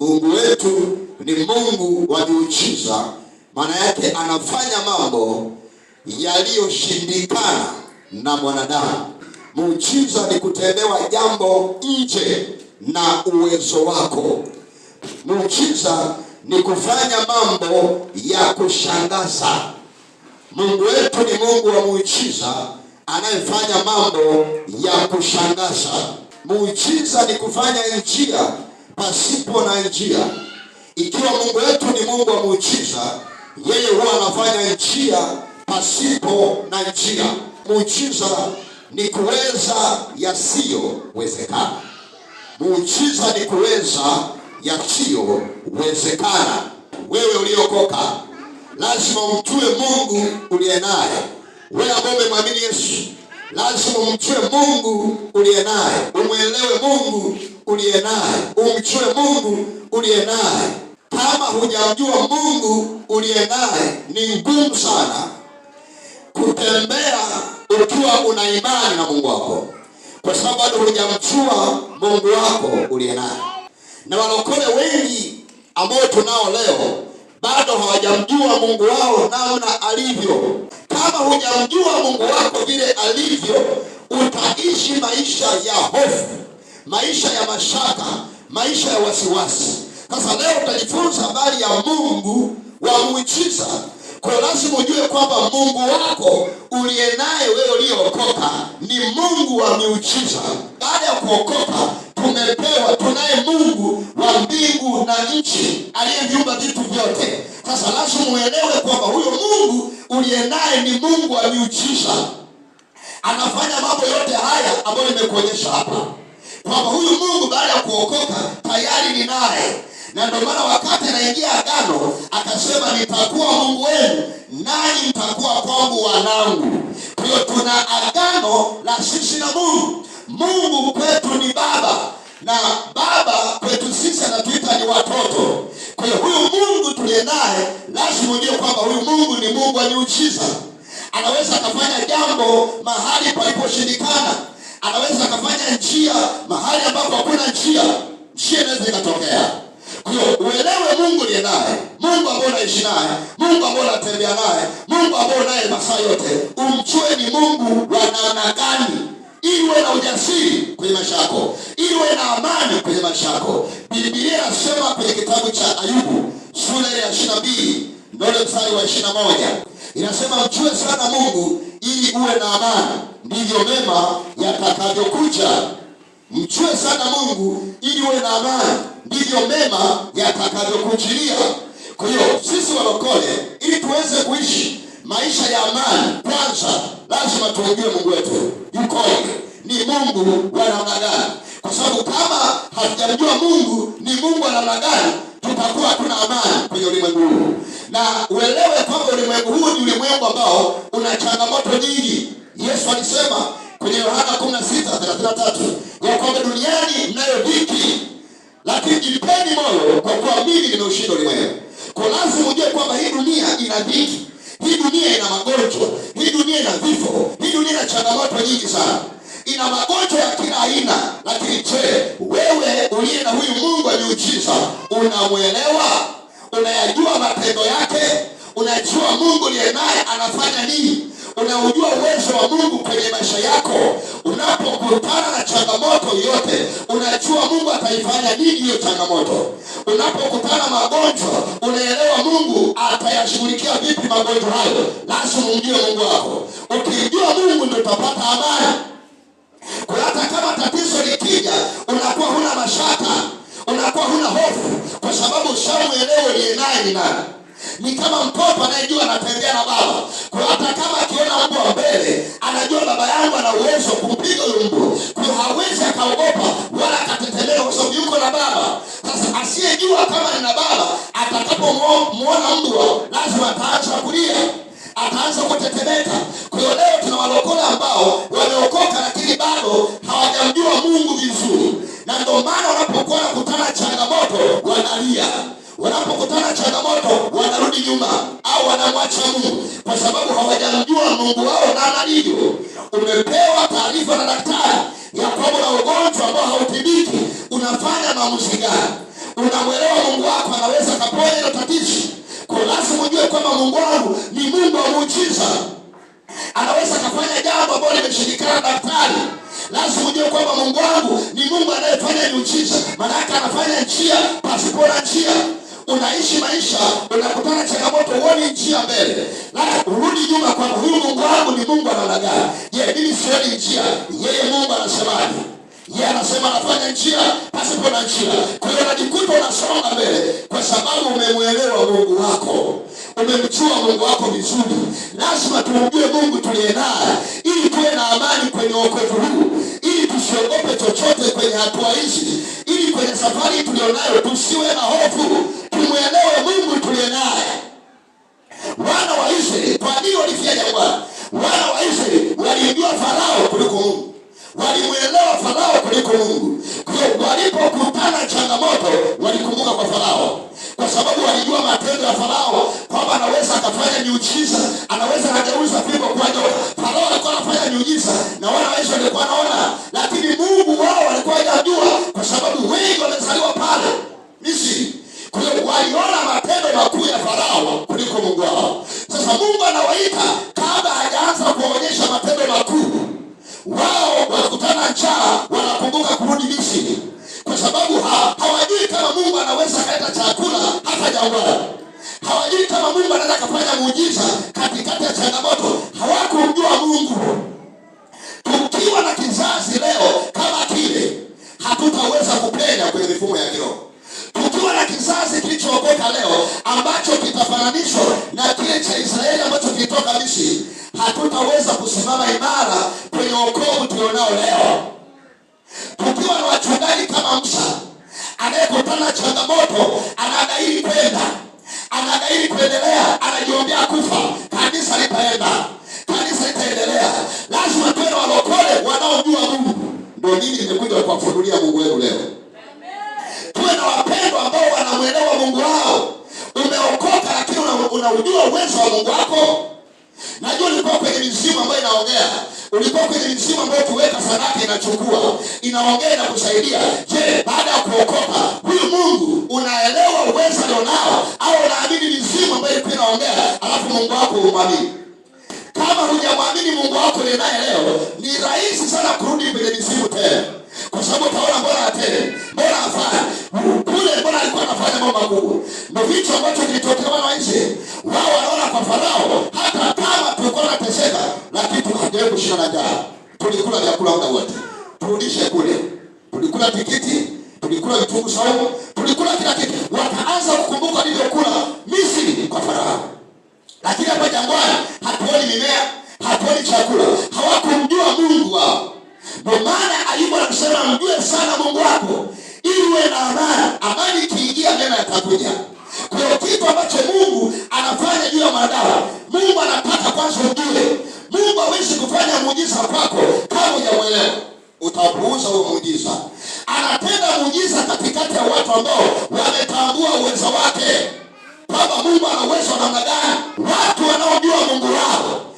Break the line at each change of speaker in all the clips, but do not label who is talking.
Mungu wetu ni Mungu wa miujiza, maana yake anafanya mambo yaliyoshindikana na mwanadamu. Muujiza ni kutendewa jambo nje na uwezo wako. Muujiza ni kufanya mambo ya kushangaza. Mungu wetu ni Mungu wa muujiza anayefanya mambo ya kushangaza. Muujiza ni kufanya njia pasipo na njia. Ikiwa Mungu wetu ni Mungu wa muujiza, yeye huwa anafanya njia pasipo na njia. Muujiza ni kuweza yasiyowezekana. Muujiza ni kuweza yasiyowezekana. Wewe uliokoka, lazima umtue Mungu uliye naye. Wewe ambaye umemwamini Yesu, lazima umtue Mungu uliye naye, umwelewe Mungu uliye naye, umjue Mungu uliye naye. Kama hujamjua Mungu uliye naye, ni ngumu sana kutembea ukiwa una imani na Mungu wako, kwa sababu bado hujamjua Mungu wako uliye naye. Na walokole wengi ambao tunao leo bado hawajamjua Mungu wao namna alivyo. Kama hujamjua Mungu wako vile alivyo, utaishi maisha ya hofu maisha ya mashaka, maisha ya wasiwasi. Sasa leo utajifunza habari ya Mungu wa muujiza. Kwa lazima ujue kwamba Mungu wako uliye naye wewe uliyookoka ni Mungu wa miuchiza Baada ya kuokoka, tumepewa tunaye Mungu wa mbingu na nchi, aliyeviumba vitu vyote. Sasa lazima uelewe kwamba huyo Mungu uliye naye ni Mungu wa miuchiza anafanya mambo yote haya ambayo nimekuonyesha hapa kwamba huyu Mungu baada ya kuokoka tayari ni naye, na ndio maana wakati anaingia agano akasema, nitakuwa Mungu wenu nanyi mtakuwa kwangu wanangu. Kwa hiyo tuna agano la sisi na Mungu. Mungu kwetu ni baba na baba kwetu sisi anatuita ni watoto. Kwa hiyo huyu Mungu tuliye naye lazima ujue kwamba huyu Mungu ni Mungu wa anaweza akafanya jambo mahali paliposhindikana anaweza akafanya njia mahali ambapo hakuna njia, njia inaweza ikatokea. kwahiyo uelewe Mungu liye naye, Mungu ambao unaishi naye, Mungu ambao unatembea naye, Mungu ambao unaye masaa yote, umjue ni Mungu wa namna gani ili uwe na ujasiri kwenye maisha yako, ili uwe na amani kwenye maisha yako. Biblia inasema kwenye kitabu cha Ayubu sura ya ishiri na mbili naule mstari wa ishiri na moja inasema mchue sana Mungu ili uwe na amani ndivyo mema yatakavyokuja. Mjue sana Mungu ili uwe na amani, ndivyo mema yatakavyokujilia. Kwa hiyo sisi walokole, ili tuweze kuishi maisha ya amani, kwanza lazima tumjue Mungu wetu yukoje, ni Mungu wa namna gani, kwa sababu kama hatujajua Mungu ni Mungu wa namna gani, tutakuwa hatuna amani kwenye ulimwengu huu. Na uelewe kwamba ulimwengu huu ni ulimwengu ambao una changamoto nyingi. Yesu alisema kwenye Yohana 16:33 ya kwamba duniani mnayo dhiki, lakini jipeni moyo, kwa kuwa kuamini nimeushinda ulimwengu. Kwa lazima ujue kwamba hii dunia ina dhiki, hii dunia ina magonjwa, hii dunia ina vifo, hii dunia ina changamoto nyingi sana ina magonjwa ya kila aina, lakini je, wewe uliye na huyu Mungu aliyeuchiza miujiza unamwelewa? Unayajua matendo yake? Unajua Mungu uliye naye anafanya nini? unaujua uwezo wa Mungu kwenye maisha yako. Unapokutana na changamoto yote, unajua Mungu ataifanya nini hiyo changamoto. Unapokutana magonjwa, unaelewa Mungu atayashughulikia vipi magonjwa hayo. Lazima umjue Mungu wako. ukijua Mungu ndio utapata amani. Kwa hata kama tatizo likija, unakuwa huna mashaka, unakuwa huna hofu, kwa sababu ushamwelewe ni nani ni kama mtoto anayejua anatembea na baba, kwa hata kama akiona mbwa mbele, anajua baba yangu ana uwezo kumpiga huyo mbwa, kwa hawezi akaogopa wala akatetelea, kwa sababu yuko na baba. Sasa asiyejua kama nina baba, atakapomwona mbwa lazima ataacha kulia, ataanza kutetemeka. Kwa leo tuna walokole ambao wameokoka, lakini bado hawajamjua Mungu vizuri, na ndio maana wanamwacha Mungu kwa sababu hawajamjua Mungu wao na analivyo. Umepewa taarifa na daktari ya kwamba na ugonjwa ambao hautibiki, unafanya maamuzi gani? Unamwelewa Mungu wako anaweza kaponya hilo tatizo? Kwa lazima ujue kwamba Mungu wangu ni Mungu wa muujiza, anaweza kafanya jambo ambalo limeshindikana daktari lazima ujue kwamba Mungu wangu ni Mungu anayefanya miujiza, maana yake anafanya njia pasipo pasipona njia unaishi maisha, unakutana changamoto, huoni njia mbele, urudi nyuma kwa huyu Mungu wangu ni Mungu namna gani? Je, mimi sioni njia, yeye Mungu anasemaje? Yeye anasema anafanya njia pasipo na njia. Kwa hiyo unajikuta unasonga mbele kwa sababu umemwelewa Mungu wako, umemjua Mungu wako vizuri. Lazima tumjue Mungu tuliye naye ili tuwe na amani kwenye wokovu huu, ili tusiogope chochote kwenye hatua hizi, ili kwenye safari tulionayo tusiwe na hofu tumwelewe Mungu tuliye naye. Wana wa Israeli kwa nini walifia jangwani? Wana wa Israeli walimjua Farao kuliko Mungu, walimwelewa Farao kuliko Mungu. Kwa walipokutana changamoto, walikumbuka kwa Farao, kwa sababu walijua matendo ya Farao kwamba anaweza akafanya miujiza kuishi, kwa sababu hawajui kama Mungu anaweza kaeta chakula hata jangwani. Hawajui kama Mungu anaweza kafanya muujiza katikati ya changamoto. Hawakumjua Mungu. wako. Najua ulikuwa kwenye mizimu ambayo inaongea, ulikuwa kwenye mizimu ambayo ukiweka sadaka inachukua, inaongea, inakusaidia. Je, baada ya kuokoka huyu Mungu unaelewa uwezo alionao, au unaamini mizimu ambayo ilikuwa inaongea, alafu Mungu wako umwamini? Kama hujamwamini Mungu wako ninaye leo ni tulikula vitungu saumu, tulikula kila kitu. wakaanza kukumbuka walivyokula Misri kwa Farao, lakini hapa jangwani hatuoni mimea, hatuoni chakula. Hawakumjua Mungu wao. Ndio maana Ayubu anasema mjue sana Mungu wako ili uwe na amani. Amani ikiingia, mema yatakuja. Kwa kitu ambacho Mungu anafanya juu ya mwanadamu, Mungu anataka kwanza ujue. Mungu hawezi kufanya muujiza kwako kama hujamwelewa, utapuuza huo muujiza anapenda muujiza katikati ya watu ambao wametambua uwezo wake, kwamba Mungu ana uwezo namna gani, watu wanaojua Mungu wao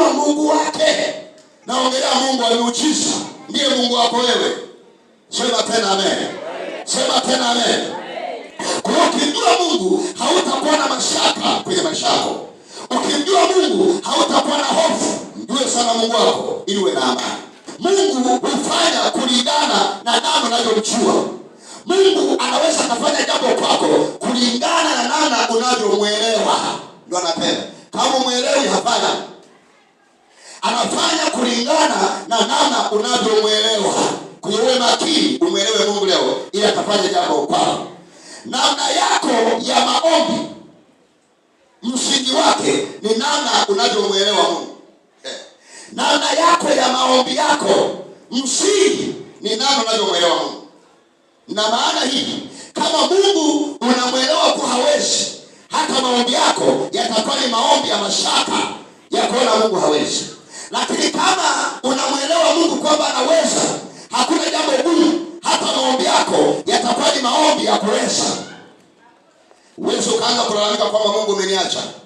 alimjua Mungu wake. Naongelea Mungu aliujiza, ndiye Mungu wako wewe. Sema tena amen, sema tena amen. Kwa ukimjua Mungu hautakuwa na mashaka kwenye maisha yako. Ukimjua Mungu hautakuwa na hofu. Mjue sana Mungu wako ili uwe na amani. Mungu hufanya kulingana na namna unavyomjua. Mungu anaweza kufanya jambo kwako kulingana na namna unavyomwelewa, ndo anapenda. Kama umwelewi hapana anafanya kulingana na namna unavyomwelewa. Kuyewe makini, umwelewe Mungu leo ili atafanya jambo kwao. Namna yako ya maombi, msingi wake ni namna unavyomwelewa Mungu. Eh. Namna yako ya maombi yako, msingi ni namna unavyomwelewa Mungu. Na maana hii, kama Mungu unamwelewa kuwa hawezi, hata maombi yako yatakuwa ni maombi ya mashaka ya kuona Mungu hawezi lakini kama unamwelewa Mungu kwamba anaweza, hakuna jambo gumu, hata maombi yako yatakuwa ni maombi ya kuweza. Uwezi ukaanza kulalamika kwamba Mungu umeniacha